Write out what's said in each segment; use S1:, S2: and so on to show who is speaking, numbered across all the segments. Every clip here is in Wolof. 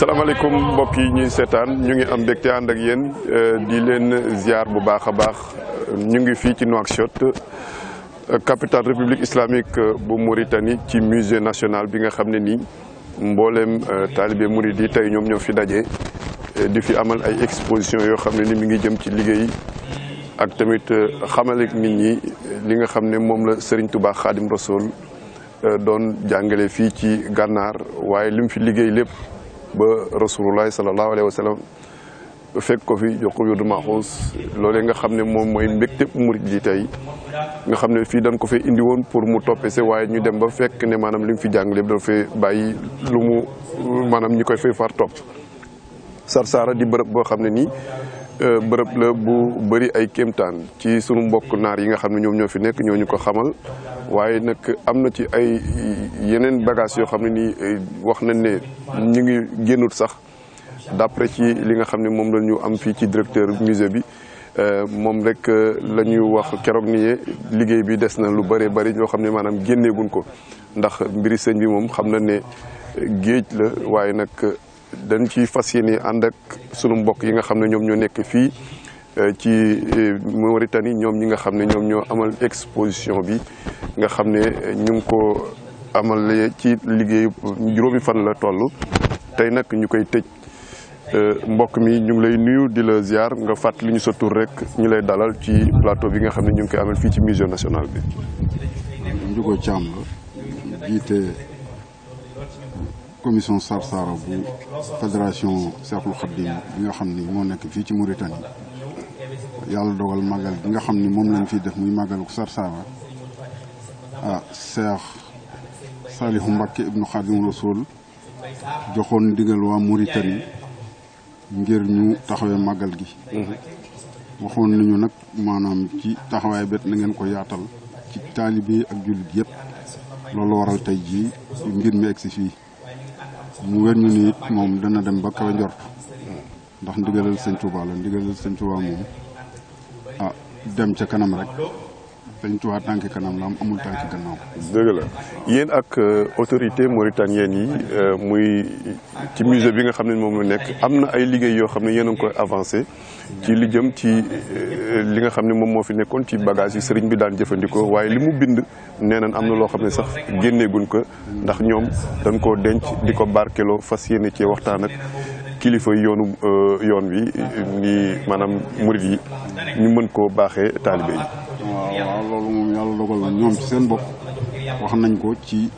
S1: salaamaaleykum mbokk yi ñuy seetaan ñu ngi am mbégte ànd ak yéen euh, di leen ziar bu baax a baax ñu ngi fii ci Nouakchott euh, capitale république islamique euh, bu Mauritanie ci musée national bi nga xam ne nii mboolem taalibe murid yi tey ñoom ñoo fi daje di fi amal ay exposition yoo xam ne ni mi ngi jëm ci liggéey ak tamit xamale nit ñi li nga xam ne moom la sëriñ Touba Khadim Rasoul Eh, doon jàngale fii ci gànnaar waaye li mu fi liggéey lépp ba rasulullah sallallahu alayhi wa sallam fekk ko fi jox ko yódu maxuus nga xam ne moom mooy mbégte murid ji tey nga xam ne fii dañ ko fee indi woon pour mu toppese waaye ñu dem ba fekk ne maanaam li mu fi jàng lépp dañ fee bàyyi lu mu maanaam ñi koy fay far topp Sarsara di bërëb boo xam ne nii Euh, bërëb la bu bëri ay kéemtaan ci sunu mbokk naar yi nga xam ne ñoom ñoo fi nekk ñoo ñu ko xamal waaye nag am na ci ay yeneen bagage yoo xam ne nii euh, wax nañ ne ñu ngi génnut sax d'après ci li nga xam ne moom la ñu am fii ci directeur musée bi euh, moom rek la ñuy wax keroog nii liggéey bi des na lu bëree bëri ñoo xam ne maanaam génneeguñ ko ndax mbiri sëñ bi moom xam na ne géej la waaye nag dañ ci fas yéene ànd ak sunu mbokk yi nga xam ne ñoom ñoo nekk fii euh, ci euh, Mauritanie ñoom ñi nga xam ne ñoom ñoo amal exposition bi nga xam ne euh, ñu ngi ko amal ci liggéey juróomi fan la toll tey nag ñu koy tëj mbokk mi ñu ngi lay nuyu di la ziar nga fàttali ñu sa tur rek ñu lay dalal ci plateau bi nga xam ne ñu ngi koy amal fii ci musée national bi.
S2: commission Sarsara bu fédération Cheikhul Khadim bi nga xam ni moo nekk fii ci Mauritanie yàlla dogal màggal gi nga xam ni moom lañ fi def muy màggalu Sarsara ah Cheikh Salihu Mbacké ibnu Khadim Rasoul joxoon ndigal waa Mauritanie ngir ñu taxawee màggal gi waxoon nañu nag maanaam ci taxawaay bet na ngeen ko yaatal ci taalibe ak jullit yëpp loolu waral tey jii mbir mi egsi fii mu wér ñu ni it moom dana dem ba kawe njort ndax ndigalal sëñ Touba la ndigalal sëñ Touba moom ah dem ca kanam rek dañ tuwaa tànk kanam la am la
S1: yéen ak euh, autorité mauritanienne yi euh, muy ci musée bi nga xam ne moom la nekk am na ay liggéey yoo xam ne yéen a ngi koy avancé ci li jëm ci euh, li nga xam ne moom moo fi nekkoon ci bagage yi sëriñ bi daan jëfandikoo waaye li mu bind nee nañ am na loo xam ne sax génneeguñ ko ndax ñoom dañ koo denc di ko barkeloo fas yéene cee waxtaan ak. kilifa yoonu yoon wi ni maanaam murit yi ñu mën koo baaxee taalibe yi waaw
S2: waaw loolu moom yàlla dogal ñoom ci seen
S1: bopp wax nañ ko ci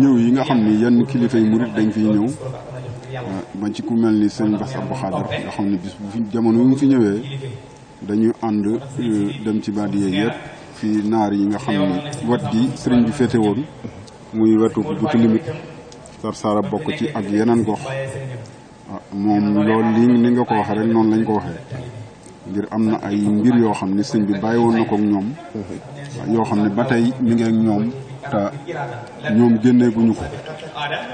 S2: ñëw yi nga xam ni yenn kilifa yi murit dañ fiy ñëw eh, ba ci ku mel ni seen Bass Abdou Khadre nga xam ne bis bu fi jamono yu mu fi ñëwee dañu ànd eh, dem ci baadiye yëpp fi naar yi nga xam ne wet gi sëriñ bi féete muy wetu bu limit sar bokk ci ak yeneen gox ah, moom loolu lii ni nga ko waxee rek noonu lañ ko waxee ngir am na ay mbir yoo xam ne sëñ bi bàyyi woon na ko ak ñoom. yoo xam ne ba tey mi ngi ñoom te ñoom génnee bu ñu ko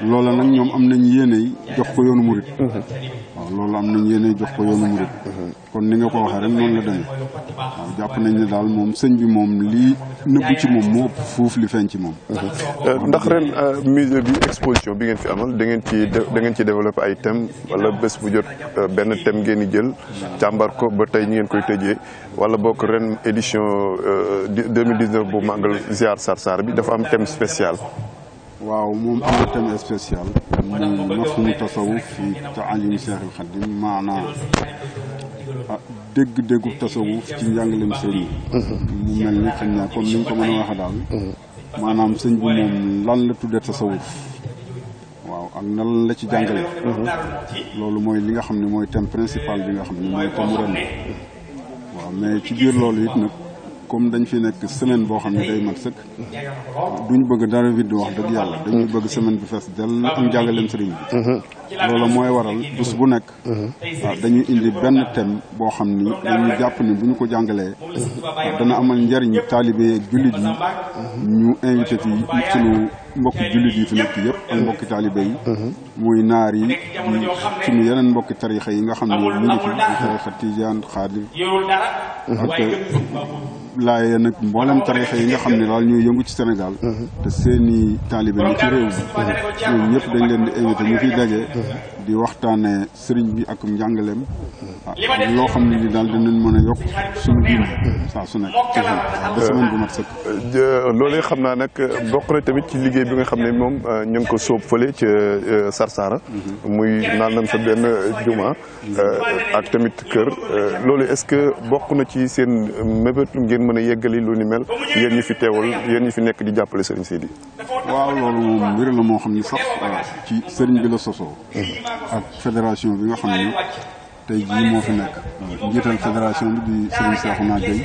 S2: loola nag ñoom am nañ yéeney jox ko yoonu murit waaw am nañ yéeney jox ko yoonu murit kon ni nga ko waxee rek noonu la demee waaw jàpp nañ ne daal moom sëñ bi moom li nëbbu ci moom moo ëpp fuuf li feeñ ci moom euh, ndax
S1: ren euh, musée bi exposition bi ngeen fi amal da ngeen ci da ngeen ci développé ay thème wala bés bu jot euh, benn thème ngeen di jël càmbar ko ba tey ñi ngeen koy tëjee wala bokk ren édition 2019 euh, bu màggal ziar Sarsar bi dafa am thème spécial.
S2: waaw moom am na thème spécial muy mafhum tasawuf fi taalim Seexul Xadim maanaa ah, dégg-déggu tasawuf ci njàngaleem sëñ mhm. mu mel ni xam ne comme ni ñu ko mën a waxee daal. Mhm. maanaam sëñ bi moom lan la tuddee tasawuf. ak nan la ci jàngale mhm. loolu mooy li nga xam ne mooy thème principal bi nga xam ne mooy thème ren mais ci biir loolu it nag comme dañ fi nekk semaine boo xam ne day mat sëkk duñ bëgg dara vidéo wax dëgg yàlla dañuy bëgg semaine bi fees dell am jàngaleem sëriñ bi mhm. loolu mooy waral bés bu nekk mhm. waaw dañuy indi benn thème boo xam ne dañuy jàpp ni bu ñu ko jàngalee dana amal njariñ taalibe yeeg jullit yi mhm. ñu invité fi sunu mbokki jullit yi fi nekk yëpp ak mbokki taalibe yi muy naar yi di yeneen mbokki tarixa yi nga xam ne ñu ngi fi tarixa tijaan xaadir ak laayee nag mboolem tarixa yi nga xam ne daal ñuy yëngu ci Sénégal mhm. te seeni taalibe ni ci réew mhm. dañ leen di invité ñu fiy daje mhm. di waxtaane sëriñ bi ak njàngaleem loo xam ne li daal dinañ mën a yokk suñu diine saa su nekk
S1: xam naa nag bokk na tamit ci liggéey bi nga xam ne moom euh, ñu ngi ko sóob fële ci euh, Sarsara mhm. muy naan benn juma euh, ak tamit kër loolu est-ce que bokk na ci seen mébét ngeen mën a yeggali lu ni mel yéen ñi fi teewal yéen ñi fi nekk di jàppale sëriñ Sidi
S2: waaw loolu moom mbir la moo xam ni sax ci sëriñ bi la sosoo mhm. ak fédération bi nga xam ne tey jii moo fi nekk njiital fédération bi di Serigne Cheikhouna Gueye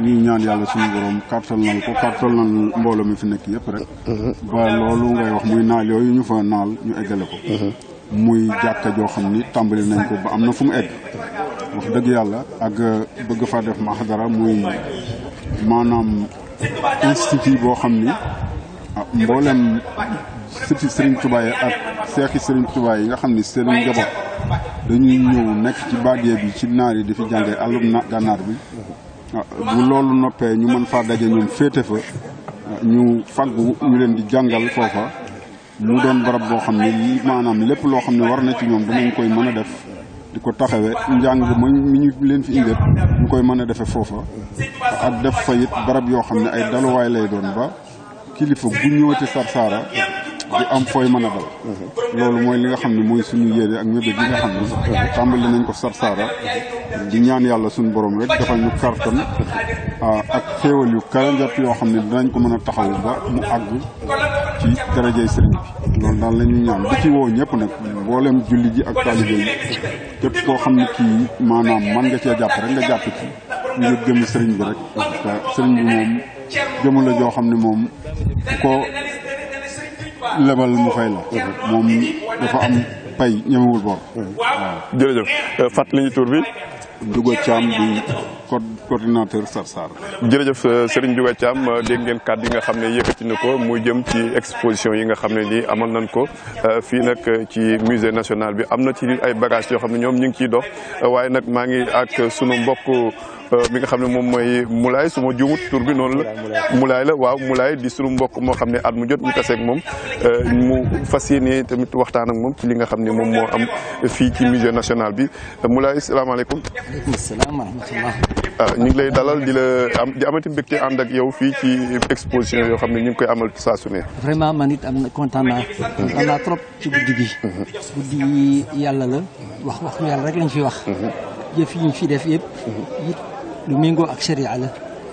S2: ñuy ñaan yàlla suñu borom kàttal nañ ko kàttal nañ mi fi nekk yëpp rek mhm. ba loolu ngay wax muy naal ñu fa ko mhm. muy jàkka joo xam ni tàmbali nañ ko am na fu mu yàlla ak bëgg faa def mahadara muy maanaam institut boo xam ni ah, mboolem sëti Serigne ak seexi sëriñ Tuubaa yi nga xam ni seen njaboot dañuy ñëw nekk ci baadiya bi ci naar yi di fi jàngee àllum na gànnaar bi ah, bu loolu noppee ñu mën faa daje ñoom féete fa ah, ñu faggu ñu leen di jàngal foofa mu doon barab boo xam ne maanaam lépp loo xam ne war na ci ñoom danañ koy mën a def di ko taxawee njàng ma mi ñu leen fi indéet ñu koy mën a defee foofa ak def fa it barab yoo xam ne ay daluwaay lay doon ba kilifa gu ñëwati Sarsara di am fooy mën a dal loolu mooy li nga xam ne mooy suñu yéene ak mébét bi nga xam ne tàmbali nañ ko Sarsara di ñaan yàlla suñu boroom rek defal ñu kartan ak xéewal yu kara njort yoo xam ne dinañ ko mën a taxaw ba mu àgg ci darajay sëriñ bi loolu daal la ñuy ñaan di ci wow ñëpp nag mboolem julli ji ak taalibe yi képp koo xam ne kii maanaam man nga cee jàpp rek nga jàpp ci ngir jëmi sëriñ bi rek te sëriñ bi moom jëmu la joo xam ne moom ko lebal mu fay la. moom dafa am pay ñemewul bor. waaw jërëjëf fàttali ñu tur bi. Duga Thiam di. coordinateur Sarsara.
S1: jërëjëf euh, Serigne Ndiouga Thiam euh, dégg ngeen kàddu yi nga xam ne yëkkati na ko muy jëm ci exposition yi nga xam ne nii amal nañ ko euh, fii nag ci musée national bi am na ci ay bagages yoo xam ne ñoom ñu ngi ciy dox waaye nag maa ngi ak sunu mbokk. mi nga xam ne moom mooy Moulay su ma juumut bi noonu la Moulay la waaw Moulay di sunu mbokk moo xam ne at mu jot ñu taseeg moom mu fas yéene tamit waxtaan ak moom ci li nga xam ne moom moo am fii ci musée national bi Moulay salaamaaleykum. waaleykum salaam Ah, ñu ngi lay dalal di la am di amati mbégte ànd ak yow fii ci exposition yoo xam ne ñu ngi koy amal saa su ne.
S3: vraiment man it am na kontaan naa. kontaan mhm. naa trop ci guddi gi. Mhm. guddi yàlla la. wax waxu yàlla rek lañ fi wax. Mhm. jëf ñu fi def yëpp. it lu méngoo ak sharia la.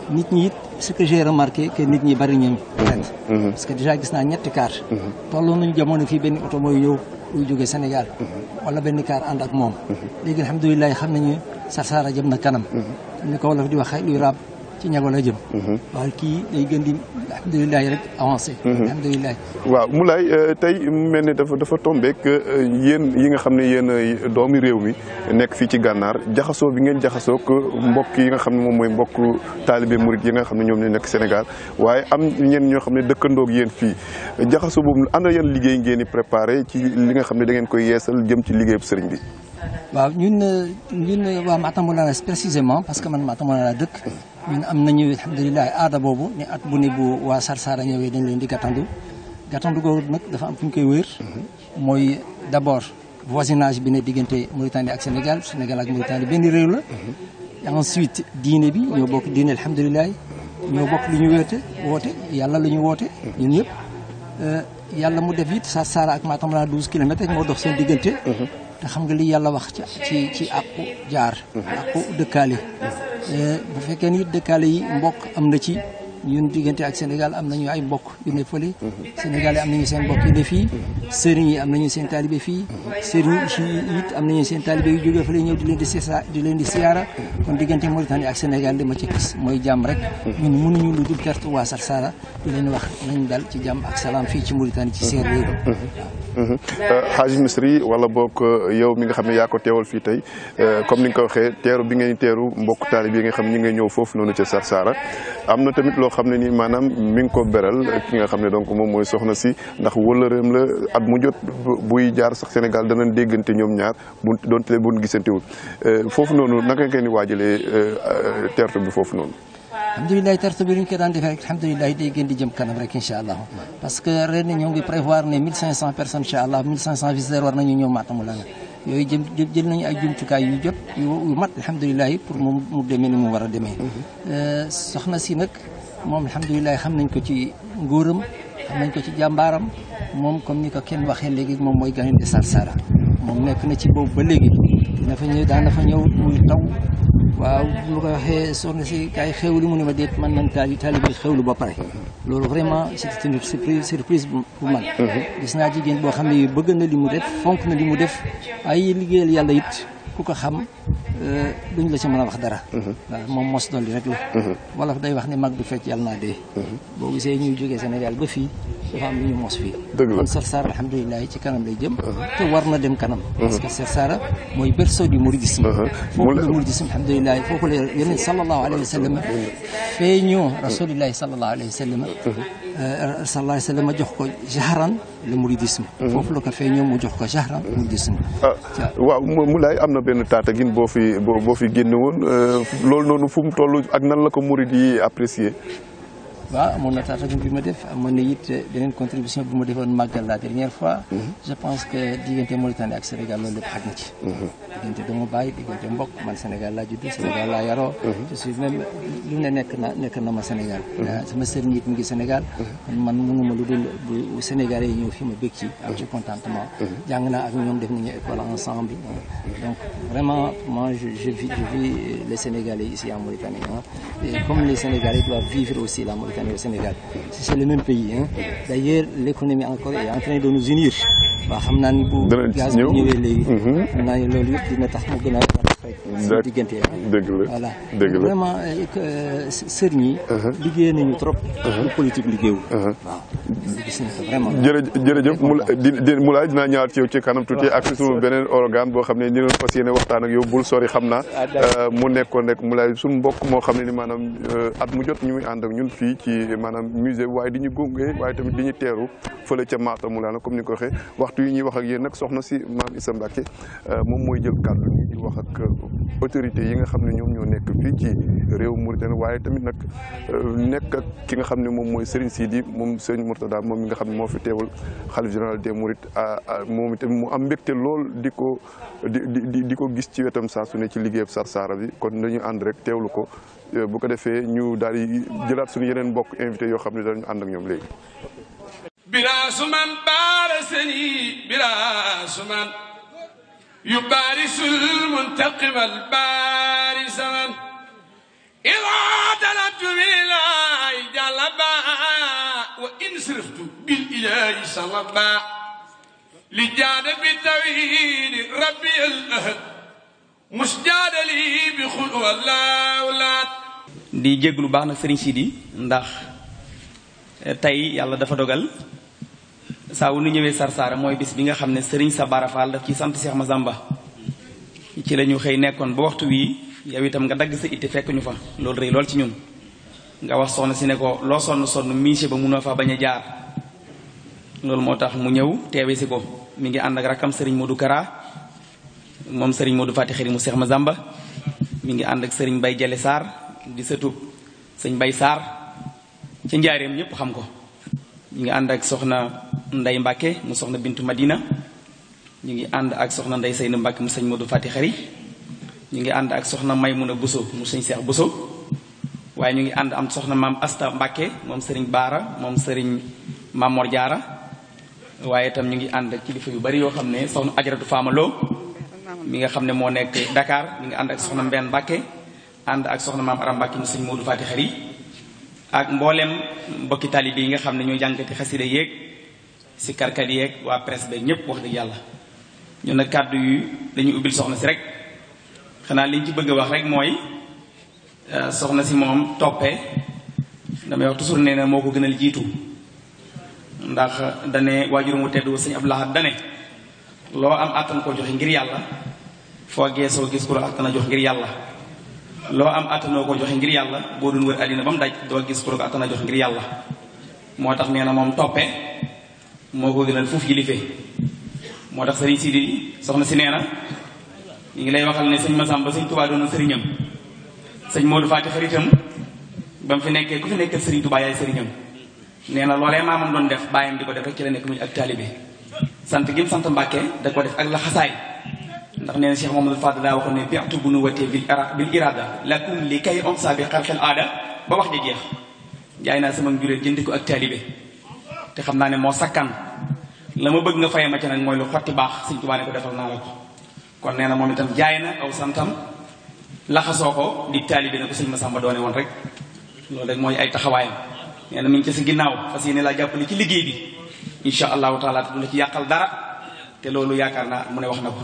S3: nit ñi it ce que j'ai remarqué nit ñi bari ñu ren parce que déjà gis naa ñetti kaar. tolloon nañu jamono fii benn oto mooy yow. buy jógee Sénégal. wala benn kaar ànd ak moom. léegi alhamdulilah xam nañu Sarsara jëm na kanam. ni ko wolof di waxee luy raab ci ñago jëm. Mhm. waaye kii day gën di alhamdulilah rek avancé. Mhm. alhamdulilah.
S1: waaw Moulay euh, tey mu mel ne dafa dafa tombé euh, que yi nga xam ne yéen doomi réew mi nekk fii ci gànnaar jaxasoo bi ngeen jaxasoo que mbokk yi nga xam ne moom mooy mbokk taalibe murit yi nga xam ne ñoom ñoo nekk Sénégal waaye am ñenn ñoo xam ne dëkkandoog yéen fii jaxasoo boobu am na yan liggéey ngeen di préparé ci li nga xam ne da ngeen koy yeesal jëm ci liggéeyub sëriñ bi.
S3: waaw ñun euh, ñun euh, waa Matam Moulanas précisément parce que man Matam dëkk ñun am nañu alhamdulilah aada boobu ne at bu ne bu waa Sarsara ñëwee dañ leen di gàttandu gàttandu googu nag dafa am fu ñu koy wéer mhm. mooy d'abord voisinage bi ne diggante Mauritanie ak Sénégal Sénégal ak Mauritanie benn réew la et mhm. ensuite diine bi ñoo bokk diine alhamdulilah ñoo bokk lu ñu woote woote yàlla lu ñu woote ñun yëpp euh, yàlla mu def it Sarsara ak Matam Moulanas douze kilomètres moo dox seen diggante mhm. te xam nga li yàlla wax ci ci ci àqu jaar àqu dëkkaale eh, bu fekkee ni dëkkaale yi mbokk am na ci ñun diggante ak Sénégal am nañu ay mbokk yu ne fële Sénégal yi am nañu seen mbokk yu fii sëriñ yi am nañu seen taalibe fii sëriñ yi am nañu seen taalibe yu jógee fële ñëw di leen di sisa di leen di siyaara kon diggante Mauritanie ak Sénégal li ma ci gis mooy jàmm rek ñun mënuñu lu dul perte waa Sarsara di leen wax nañ dal ci jàmm ak salaam fii ci Mauritanie ci seen
S1: xaaji mhm. euh, Misri wala boog euh, yow mi nga xam ne yaa ko teewal fii tey euh, comme ni nga ko waxee teeru bi ngeen teeru mbokk taalib yi nga xam ñi ngay ñëw foofu noonu ca Sarsara am na tamit loo xam ne nii maanaam mi ngi ko beral ki nga xam ne donc moom mooy soxna si ndax wëllëreem la at mu jot buy jaar sax Sénégal danañ déggante ñoom ñaar bu doonte bu gisante wul foofu noonu naka ngeen di waajalee teertu bi foofu noonu.
S3: alhamdulilah tartabi lu ñu ko daan defee rek jëm kanam rek incha allah parce que ren ñoo ngi prévoir ne 1500 personnes incha allah 1500 visiteurs war nañu ñëw Matam la yooyu jëm jël nañu ay jumtukaay yu jot yu mat alhamdulilah pour moom mu demee ni mu war a soxna si nag moom alhamdulilah xam nañ ko ci ngóoram xam nañ ko ci jàmbaaram moom comme ni ko kenn waxee léegi moom mooy Gaynde Sarsara moom nekk na ci boobu ba léegi dina fa ñëw daan na fa taw. waaw bu ma waxee son si kaay xewlu mu ne ma déet man nañ kaa yi taalibe xewlu ba pare loolu vraiment c'était une surprise surprise bu man mhm. gis naa jigéen boo xam ne bëgg na li mu def fonk na li mu def ay liggéeyal yàlla it ku ko xam euh, duñ la ci mën a wax dara mhm. moom mos dolli rek la mhm. wala day wax ne mag du fecc yàlla naa dee boo gisee ñuy jógee Sénégal ba fii dafa am lu ñu mos fii ci kanam lay jëm te war dem kanam parce mooy berceau du mouridisme uh-huh. foofu la mouridisme alhamdulilah foofu la yonent sallallahu alayhi wa sallam feeñoo uh-huh. jox ko jahran le mouridisme uh-huh. foofu la ko jox ko jahran mouridisme
S1: waaw mu laay am na benn taatagin boo fi boo fi génne woon uh, loolu noonu fu mu toll ak nan la ko murid yi apprécier
S3: waaw amoon na tatagun bi ma def amoon na it eh, beneen contribution bu ma defoon màggal la dernière fois mhm. je pense que diggante Mauritanie ak Sénégal loolu lépp xaj na ci mhm. diggante dama bàyyi diggante mbokk man Sénégal laa judd Sénégal laa yaroo mhm. je suis même lu ne nekk na nekk na ma Sénégal ah, sama sëriñ it mu ngi Sénégal man mënuma lu dul bu Sénégalais yi ñëw fi ma bég ci am ci contentement jàng naa ak ñoom def nañu école ensemble donc vraiment moi je, je vis je vis les Sénégalais ici en Mauritanie et comme les aussi la Mauritanie Mauritanie et le Sénégal c'est le même pays hein d'ailleurs l'économie encore est en de nous unir waaw xam naa ni bu gaz bi ñëwee léegi mhm. xam naa ne loolu yëpp dina tax mu gën a suñu
S1: diggante dëgg la voilà
S3: vraiment euh, euh, sëriñ yi mhm. liggéey nañu trop bu mhm. politique liggéeyul jërëjëf mu ko vraiment. jërëjëf
S1: Moulay dinaa ñëwaat ci yow ci kanam tuuti ak suñu beneen organe boo xam ne ñu doon fas yéene waxtaan ak yow bul sori xam naa ah, euh, mu nekkoon rek Moulay suñu mbokk moo xam ne ni maanaam euh, at jot ñu muy ànd ak ñun fii ci maanaam musée waaye di ñu gunge waaye tamit di ñu teeru fële ca Matam Moulana comme ni ko waxee waxtu yi ñuy wax ak yéen nag soxna si maam Issa Mbacke euh, moom mooy jël kàddu ñu di wax ak autorité yi nga xam ne ñoom ñoo nekk fii ci réew Mauritanie waaye tamit nag nekk ak ki nga xam ne moom mooy Serigne Sidi moom Serigne Murtada moom mi nga xam ne moo fi teewul xalif général des Mourides moom itam mu am mbégte lool di ko di ko gis ci wetam saa su ne ci liggéeyam Sarsara bi kon nañu ànd rek teewlu ko euh, bu ko defee ñu daal di jëlaat suñu yeneen mbokk invité yoo xam ne danañu ànd ak ñoom léegi.
S4: وإن سرفت بالإله صلبا لجاد بالتوحيد ربي الأهد مسجاد لي بخلوة الأولاد
S5: di jéglu baax nag Serigne Sidi ndax eh, tey yàlla dafa dogal saa wu nu ñëwee Sarsara mooy bis bi nga xam ne sëriñ Sabara Fall daf ci sant Cheikh Massamba ci la xëy nekkoon ba waxtu wii yow itam nga dagg sa it fekk ñu fa loolu rëy lool ci ñun. nga wax soxna si ne ko loo sonn sonn miise ba munoo fa bañ a jaar loolu moo tax mu ñëw teewe si ko mi ngi ànd ak rakkam sëriñ Modou Kara moom sëriñ Modou Fati xëri mu Seex Mazamba mi ngi ànd ak sëriñ Bay Jale Sarr di sëtub sëñ Bay Sarr ci njaareem ñépp xam ko ñu ngi ànd ak soxna Ndey Mbàkke mu soxna Bintu Madina ñu ngi ànd ak soxna Ndey Seynu Mbàkke mu sëñ Modou Fati xëri ñu ngi ànd ak soxna Maymuna Buso mu sëñ Seex Buso waaye ñu ngi ànd am soxna maam Asta Mbacke moom Serigne Baara moom sëriñ Mamor Diarra waaye itam ñu ngi ànd ak kilifa yu bari yoo xam ne soxna Ajaratu Faama Lo mi nga xam ne moo nekk Dakar mi ngi ànd ak soxna Mbène Mbacke ànd ak soxna maam Aram Mbacke mu sëñ Modou Fati Xari ak mbooleem mbokki taalibe yi nga xam ne jàng jàngati xasida yéeg si karkat yeeg waa presse beeg ñëpp wax dëgg yàlla ñu ne kàddu yu dañuy ubbil soxna si rek xanaa liñ ci bëgg a wax rek mooy. Euh, soxna si moom toppe damay wax toujours nee na moo ko gënal jiitu ndax dane waajur mu tedd sëñ Abdou Lahad dane loo am àttan koo joxe ngir yàlla foo geesoo gis ku la a jox ngir yàlla loo am àttanoo koo joxe ngir yàlla boo doon wër àddina gis ku la ko àttan a jox ngir yàlla moo tax nee na moom toppe moo ko gënal fuuf yilife moo tax sëriñ Sidi soxna si nee na ñu ngi lay waxal ne sëñ Masamba sëñ Tuubaa doon sëriñam sëñ Modou Fati xaritam ba mu fi nekkee ku fi nekkal Serigne Touba yaay sëriñam nee na loolee maamam doon def bàyyam di ko def rek ci la nekk muy ak taalibe sant gi sant Mbàkke da ko def ak la xasaay ndax nee na Cheikh Mamadou Fadl daa waxoon ne biatu bu nu watee bil ara bil irada lakum li kay on sabi xarxel aada ba wax ji jaay naa sama njureel jënd ko ak taalibe te xam naa ne moo sakkan la ma bëgg nga faye ma ca nag mooy lu xotti baax Sëñ Tuubaa ne ko defal naa la ko kon nee na moom itam jaay na aw santam laxasoo ko di taalibe ne ko sëñ Masamba doone woon rek loolu rek mooy ay taxawaayam nee na mi ngi ci sa ginnaaw fas yéene laa jàppale ci liggéey bi insha allahu taala te du la ci te loolu yaakaar naa mu ne wax na ko.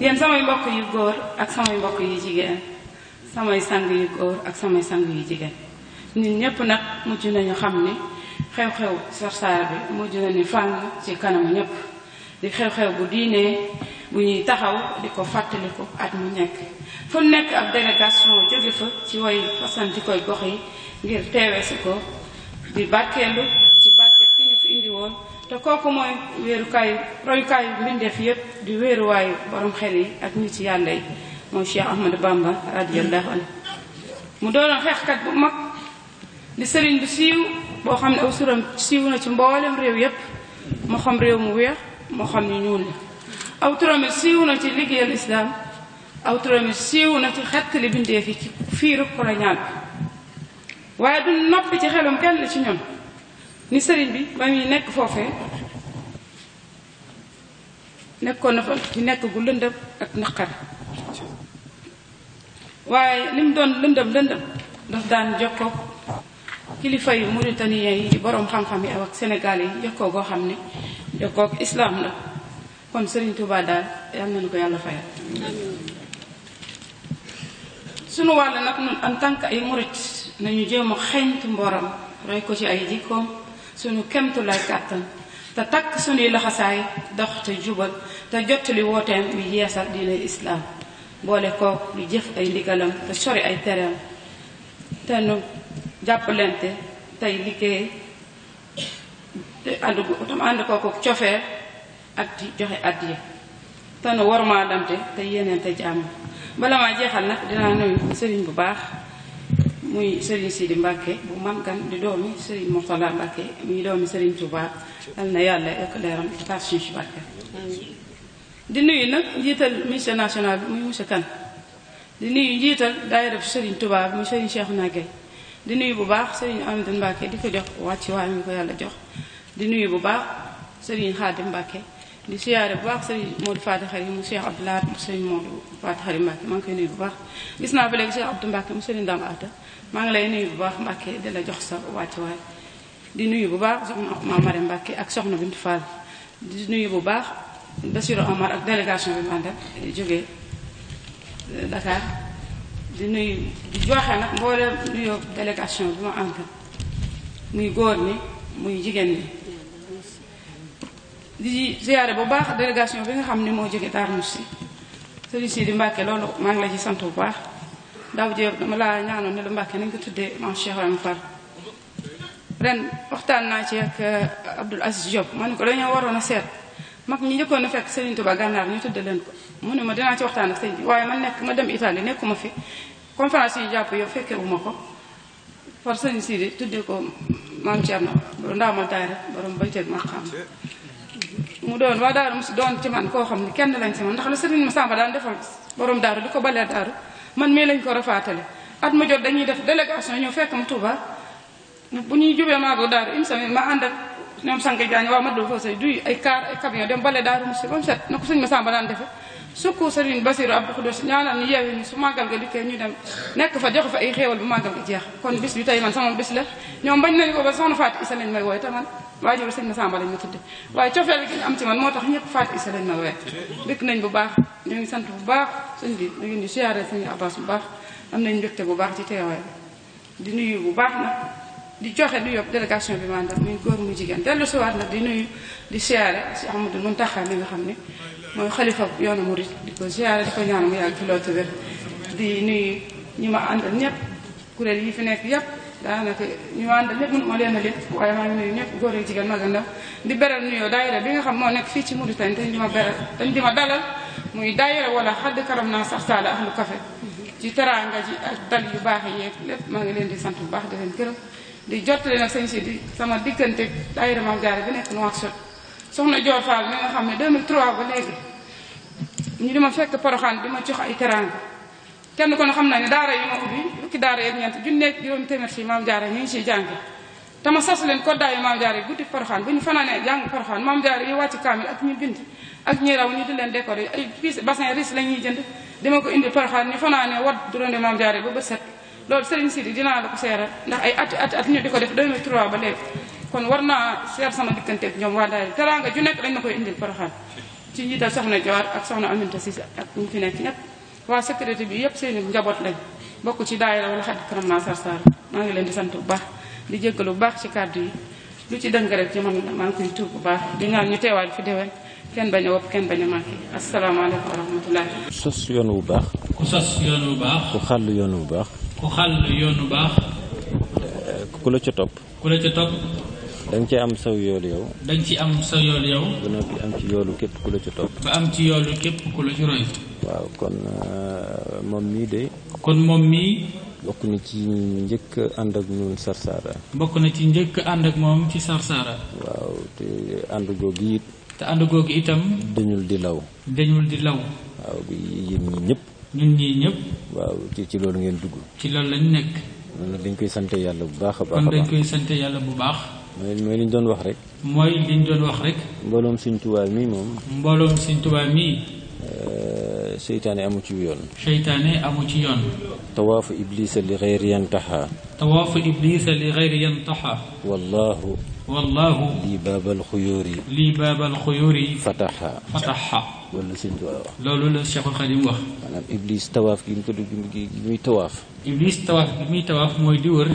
S4: yéen samay mbokk yu góor ak samay mbokk yu jigéen samay sang yu góor ak samay sang yu jigéen ñun ñëpp nag mujj nañu xam ni xew-xew Sarsara bi mujj nañu fàng ci kanamu ñëpp. di xew-xew bu diine bu ñuy taxaw di ko fàttaliku at mu nekk fu nekk ab délégation jóge fa ci way fasanti koy gox yi ngir teewe si ko di barkeelu ci barke ki ñu te kooku mooy wéerukaayu royukaayu def yépp di wéeruwaayu borom xel yi ak nit yàlla yi mooy Cheikh Ahmadou Bamba radiyallahu anhu mu doonoon xeexkat bu mag di sëriñ bu siiw boo xam ne aw siiw na ci mboolem réew yépp moo xam réew mu weex moo xam ne ñuul la aw turam siiw na ci liggéeyal islaam aw turam siiw na ci xettali bindeef yi ci fiiru koloñaal bi waaye du noppi ci xelum kenn ci ñoom ni sëriñ bi ba muy nekk foofee nekkoon na fa ci nekk gu lëndëm ak naqar waaye li mu doon lëndëm lëndëm daf daan jokkoo kilifa yu mauritanien yi borom xam-xam yi ak senegal yi jokkoo goo xam ne te kooku la kon Serigne Touba en tant que nañu jéem a ko ci ay jikkoom sunu kemtu lay kàttan te takk sunuy laxasaay dox te jubal te jottali wooteem yu yeesal diine islaam boole kooku lu jëf ay ndigalam te sori ay tereem te nu jàppalante tey liggéey. te ànd tam ànd kooku cofee ak joxe addiya te nu war maa damte te yéeneente jàmm bala maa jeexal nag dinaa nuyu sëriñ bu baax muy sëriñ Sidi Mbàkke bu man gan di doomi sëriñ Mourtala Mbàkke muy doomi sëriñ Touba dal na yàlla yokk leeram si Mbàkke di nuyu nag njiital ministère national bi muy monsieur di nuyu njiital daayira sëriñ Touba bi muy sëriñ Cheikhouna Gueye di nuyu bu baax sëriñ Amadou Mbàkke di ko jox wàcc waay mi ko yàlla jox di nuyu bu baax sëriñ Xaadim Mbàkke di siyaare bu baax sëriñ Modou Faty Khary mu Cheikh Abdou Lahad mu sëriñ Modou Faty Khary Mbàkke maa koy nuyu bu baax gis naa ba léegi Cheikh Abdou Mbàkke mu sëriñ Dame Atta maa ngi lay nuyu bu baax Mbàkke di la jox sa wàccuwaay di nuyu bu baax soxna Maam Mare Mbàkke ak soxna Bintu Fall di nuyu bu baax Bassirou Amar ak délégation bi euh, di nuyu di joxe nag mboolem ma àndal muy góor ñi muy jigéen ñi di ziyaare bu baax délégation bi nga xam ni moo jóge Darou Mousty sëriñ si di Mbàkke loolu maa ngi la ci sant bu baax daaw jéeg dama laa ñaanoon ne la Mbàkke nañ ko tuddee maam Cheikh Ibrahima waxtaan naa ci ak euh, Abdoul Aziz Diop ma ne ko dañoo waroon a seet mag ñi jëkkoon a fekk Serigne Touba gànnaar ñu tudde leen ko mu ne ma dinaa ci waxtaan ak sëriñ bi waaye man nekk ma dem Italie nekkuma fi conférence yi jàpp yow fekkee uma ko par sëriñ si di tuddee ko maam Thierno ndaw ma daay rek borom bayteeg maqaam mu doon waa daaru si doon ci koo xam ne kenn lañ si man ndax la sëriñ Massamba daan defal borom daaru di ko balee daaru man mii lañ ko rafaatale at mu jot dañuy def délégation ñëw fekk mu Touba bu ñuy jubee maago daaru une semaine ma ànd ak ñoom sang jaañ waa ma dul foo say duy ay kaar ay camion dem balee daaru mos ba mu set na ko sëriñ Massamba daan defee sukku Serigne Basiru Abdu Xudoos ñaanal ñu yeewu ñu su màggal ga dikkee ñu dem nekk fa joxe fa ay xéewal bu màggal ga jeex kon bis bi tey man sama bis la ñoom bañ nañu ko ba soxna Fatou Issa lañ may wooye te man waajur sëñ Masamba lañ ma tudde waaye cofeel gi ñu am ci man moo tax ñëpp Fatou Issa lañ ma wooye dëkk nañ bu baax ñu ngi sant bu baax sëñ bi ñu ngi siyaare sëñ Abbas bu baax am nañ mbégte bu baax ci teewaay di nuyu bu baax nag di joxe du yóbbu délégation bi maanaam muy góor mu jigéen dellu si waat nag di nuyu di siyaare si Ahmadou Muntaxa mi nga xam ni mooy xalifa yoonu murid di ko siyaare di ko ñaan mu yàgg fi loolu te wér di nuyu ñu ma àndal ñëpp kuréel yi fi nekk yëpp daanaka ñu ma àndal ñëpp mënuma leen a lim waaye maa ngi nuyu ñëpp góor ak jigéen mag ak ndaw di beral nuyoo daayira bi nga xam moo nekk fii ci Mauritanie dañ di ma beral dañ di ma dalal muy daayira wala xadd karam naa sax saala ahlu kafe ci teraanga ji baax yi yeeg lépp maa ngi leen di sant bu baax di jot leen ak sëñ si di sama diggante daayira Maam Jaara bi nekk Nouakchott soxna Joor Fall mi nga xam ne 2003 ba léegi ñu di ma fekk Poroxaan di ma jox ay teraanga kenn kon xam na ne daara yi ma daara yeeg ñeent ju nekk juróomi téeméer ñu ngi siy jàng te ma sas leen koddaayu Maam Jaara yi guddi Poroxaan bu ñu fanaanee jàng Poroxaan Maam Jaara yi wàcc kaamil ñu bind ak ñi ñu di leen décoré ay piis bassin riche la ñuy jënd dama ko indi Poroxaan ñu fanaanee wat du doon Maam Jaara ba bët set loolu Serigne Sidi dinaa la ko seera ndax ay at at at ñu di ko def 2003 ba léegi kon war naa seer sama dikkanteeg ñoom waa daal teraanga ju nekk dañ na koy indil Porokhane ci njiital soxna Joor ak soxna Aminta Cissé ak ñu fi nekk ñëpp waa sécurité bi yëpp seen njaboot lañ bokk ci daayira wala xarit kanam naa sar sar maa ngi leen di sant bu baax di jéggalu bu baax ci kàddu yi lu ci dëng rek ci man maa ngi koy bu baax di ñaan ñu teewaal fi déwén kenn bañ a wopp kenn bañ a manqué asalaamaaleykum wa rahmatulah.
S6: ku sos yoon wu baax. ku sos yoon yoon wu baax. ku xàll yoonu baax. Eh, ku la ca topp. ku ca topp. da nga ci am saw yoolu yow. da ci am saw yoolu yow. ba noppi am ci yoolu képp ku la ca topp. ba am ci yoolu képp ku la ci roy. waaw kon eh, moom mii de. kon moom mii. bokk na ci njëkk ànd ak ñun Sarsara. bokk na ci njëkk ànd ak moom ci Sarsara. waaw te ànd googu it. te ànd googu itam. dañul di law. dañul di law. waaw bi yéen ñi ñëpp. ñun ñii ñëpp. waaw ci ci loolu ngeen dugg. ci loolu lañ nekk. loolu nag dañ koy sant yàlla bu baax a baax. kon sant yàlla bu baax. mooy li ñu doon wax rek. mooy li ñu doon wax rek. mbooloom Sëñ Tuubaa mii moom. mbooloom Sëñ Tuubaa mii. Euh, seytaane amu ci yoon. seytaane amu ci yoon. tawaafu Iblisa li xeyri yantaxa. tawaafu Iblisa li xeyri yantaxa. wallaahu. wallaahu. lii baabal xuyóori. lii baabal xuyóori. fataxa. fataxa. loolu la sëñ Tuubaa wax. loolu la Cheikhul Xadim wax. maanaam Iblis tawaaf gi mu ko muy tawaaf. Iblis tawaaf gi muy tawaaf mooy di wër.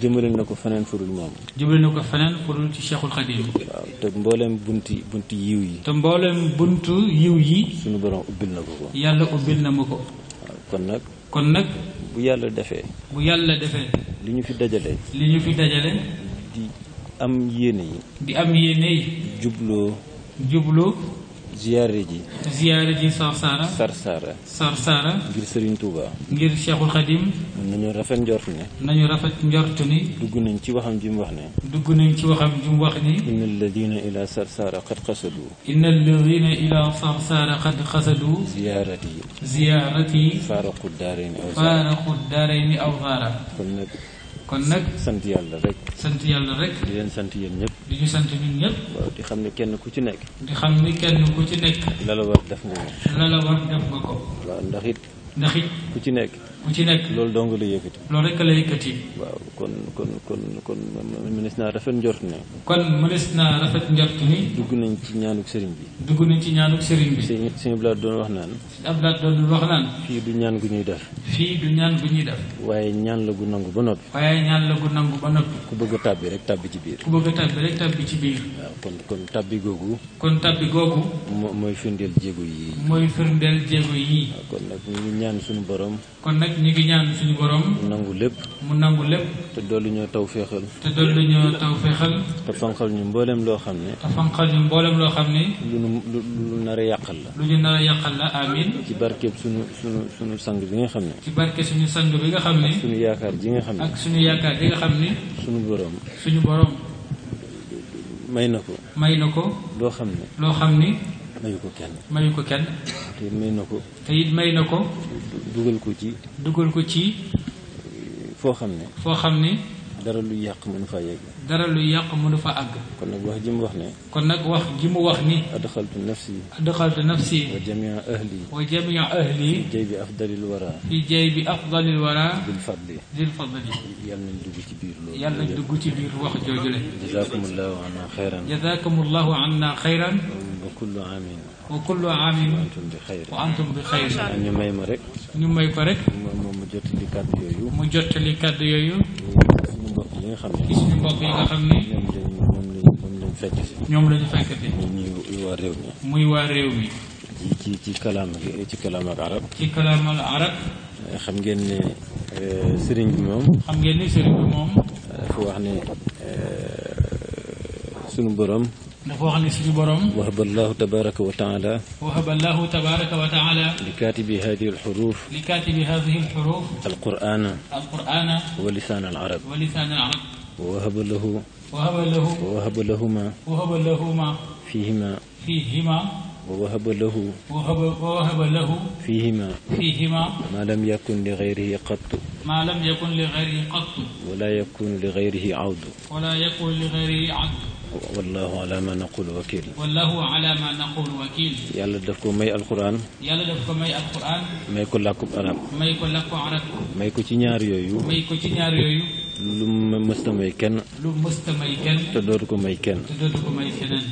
S6: jëmale na ko feneen furul moom. jëmale na ko feneen furul ci Cheikhul Xadim. waaw te mboolem bunti bunti yiw yi. te mbooleem buntu yiw yi. suñu borom ubbil na ko ko. yàlla ubbil na ma ko. waaw kon nag. kon nag. bu yàlla defee. bu yàlla defee. li ñu fi dajale. li ñu fi dajale. di am yéene yi. di am yéene yi. jubloo. jubloo. ziyaare ji ziyaare ji Sarsara Sarsara Sarsara ngir Serigne Touba ngir Cheikhul Khadim nañu rafet njort ne nañu rafet njort ni dugg nañ ci waxam ji mu wax ni dugg nañ ci waxam ji mu wax ni inna alladina ila Sarsara qad xasadu inna alladina ila Sarsara qad xasadu ziyaarati ziyaarati faaraqu daarayni aw zaara faaraqu daarayni aw zaara kon nag sant yàlla rek sant yàlla rek di leen sant yéen ñëpp di ñu sant ñun ñëpp waaw di xam ne kenn ku ci nekk di xam ni kenn ku ci nekk la la def nga ko la la def nga ko waaw ndax it ku ci nekk bu ci nekk loolu dong la yëkkati. loolu rek la yëkkati. waaw kon kon kon kon mënees naa naa dugg nañ ci ñaanuk sëriñ bi. nañ ci ñaanuk sëriñ bi. sëñ sëñ doon wax naan. Abdoulaye doon wax naan. fii ñuy def. fii du waaye ñaan la nangu ba noppi. waaye ñaan la gu nangu ba tàbbi rek tàbbi ci biir. ku bëgg ci biir. kon kon tàbbi googu. kon tàbbi googu. moo mooy firndeel jéego yii. mooy firndeel jéego yii. kon nag ñu ñaan suñu borom. kon nag tamit ñu ngi ñaan suñu borom. mu nangu lépp. mu nangu lépp. te dolli ñoo taw féexal. te dolli ñoo taw féexal. te fanqal ñu mbooleem loo xam ne. te fanqal ñu mbooleem loo xam ne. lu nu lu nar a yàqal la. lu ñu nar a yàqal la amiin. ci barkeeb suñu suñu suñu sang bi nga xam ne. ci barke suñu sang bi nga xam ne. suñu yaakaar ji nga xam ne. ak suñu yaakaar ji suñu borom. suñu borom. may na ko. may na ko. loo xam ne. loo xam ni. mayu ko kenn. mayu ko kenn. te may na ko. te may na ko. dugal ko ci. dugal ko ci. foo xam ne. foo xam ne. dara lu yàq mënu fa yegg. dara lu yàq mënu fa àgg. kon nag wax ji mu wax ne. kon nag wax ji mu wax ni. adxaltu nafsi. adxaltu nafsi. wa jamia ahli. wa jamia ahli. fi jay bi afdalil wara. fi jay bi afdalil wara. dil fadli. dil fadli. yàlla nañ dugg ci biir loolu. yàlla ci biir wax jooju la. jazaakumullahu anna xayran. jazaakumullahu anna wa kullu aamin. wa kullu aamin. wa antum bi xayr. wa antum bi xayr. ñu may ma rek. ñu may ko rek. moom mu jottali kàddu yooyu. mu jottali kàddu yooyu. suñu mbokk yi nga xam ne. suñu mbokk yi nga xam ne. ñoom lañ ñoom lañ fekk si. ñoom lañ fekk si. muy waa réew mi. muy waa réew mi. ci ci kalaam ci kalaam ak arab. ci kalaam ak arab. Eh, xam ngeen ne eh, sëriñ bi moom. xam ngeen ne sëriñ bi moom. Eh, dafa wax ne sunu borom. dafa wax ne suñu borom. wahaba allahu tabaraka wa taala. wahaba allahu tabaraka wa taala. li kaatibi hadihi alxuruf. li kaatibi hadihi alxuruf. alqur'ana. alqur'ana. wa lisaan alarab. wa lisaan alarab. wahaba lahu. wahaba lahu. wahaba lahuma. wahaba lahuma. fihima. fihima. ووهب له ووهب, ووهب له فيهما فيهما ما لم يكن لغيره قط ما لم يكن لغيره قط ولا يكون لغيره عود ولا يكون لغيره عود wallahu ala ma naqul wakil wallahu ala ma naqul wakil yàlla daf ko may alquran yàlla daf ko may alquran may ko làkkub arab may ko làkkub arab may ko ci ñaar yooyu may ko ci ñaar yooyu lu mësta may kenn lu mësta may kenn te dootu ko may kenn te dootu ko may keneen